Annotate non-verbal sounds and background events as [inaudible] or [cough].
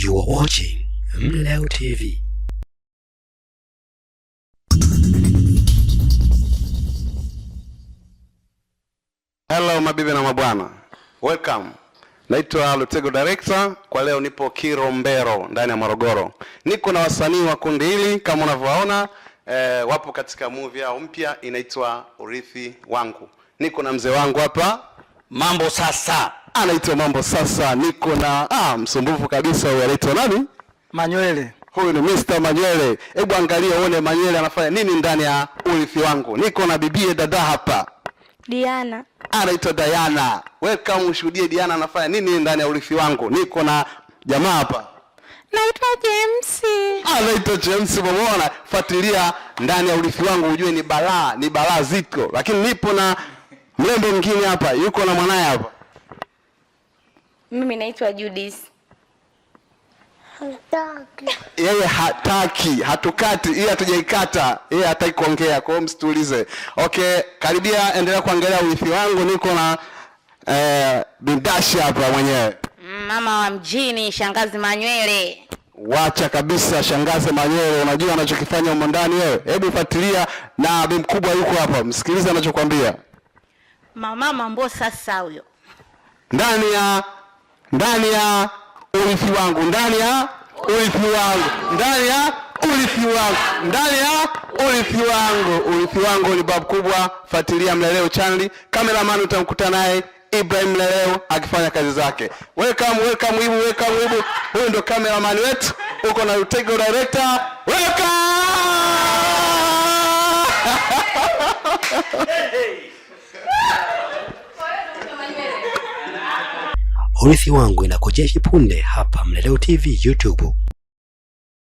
You are watching Mleo TV. Hello mabibi na mabwana. Welcome. Naitwa Lutego Director. Kwa leo nipo kirombero ndani ya Morogoro. Niko na wasanii wa kundi hili kama unavyowaona eh, wapo katika movie yao mpya inaitwa Urithi Wangu. Niko na mzee wangu hapa. Mambo sasa anaitwa Mambo. Sasa niko na ah, msumbufu kabisa huyu, anaitwa nani? Manywele. Huyu ni Mr. Manywele. Hebu angalia uone Manywele anafanya nini ndani ya urithi wangu. Niko na bibie dada hapa, Diana anaitwa Diana. Welcome, ushuhudie Diana anafanya nini ndani ya urithi wangu. Niko na jamaa hapa naitwa James. Anaitwa James Boboona. Fuatilia ndani ya urithi wangu ujue ni balaa, ni balaa ziko, lakini nipo na mrembo mwingine hapa, yuko na mwanaye hapa mimi naitwa Judith. Yeye hataki, hatukati, yeye hatujaikata, yeye hataki kuongea, kwa hiyo msitulize. Okay, karibia, endelea kuangalia urithi wangu, niko na eh, bindashi hapa mwenyewe, mama wa mjini, shangazi Manywele. Wacha kabisa, shangazi Manywele, unajua anachokifanya humo ndani wewe. Hebu fuatilia, na bi mkubwa yuko hapa, msikilize anachokwambia. Mama mambo sasa huyo ndani ya ndani ya urithi wangu, ndani ya urithi wangu, ndani ya urithi wangu, ndani ya urithi wangu. Urithi wangu ni babu kubwa. Fuatilia Mleleo chanli, kameramani utamkuta naye Ibrahim Mleleo akifanya kazi zake. Welcome, welcome Ibu, welcome Ibu. Huyu ndo kameramani wetu, uko na utego director. Welcome. [laughs] Urithi wangu inakujeshi punde hapa Mleleu TV YouTube.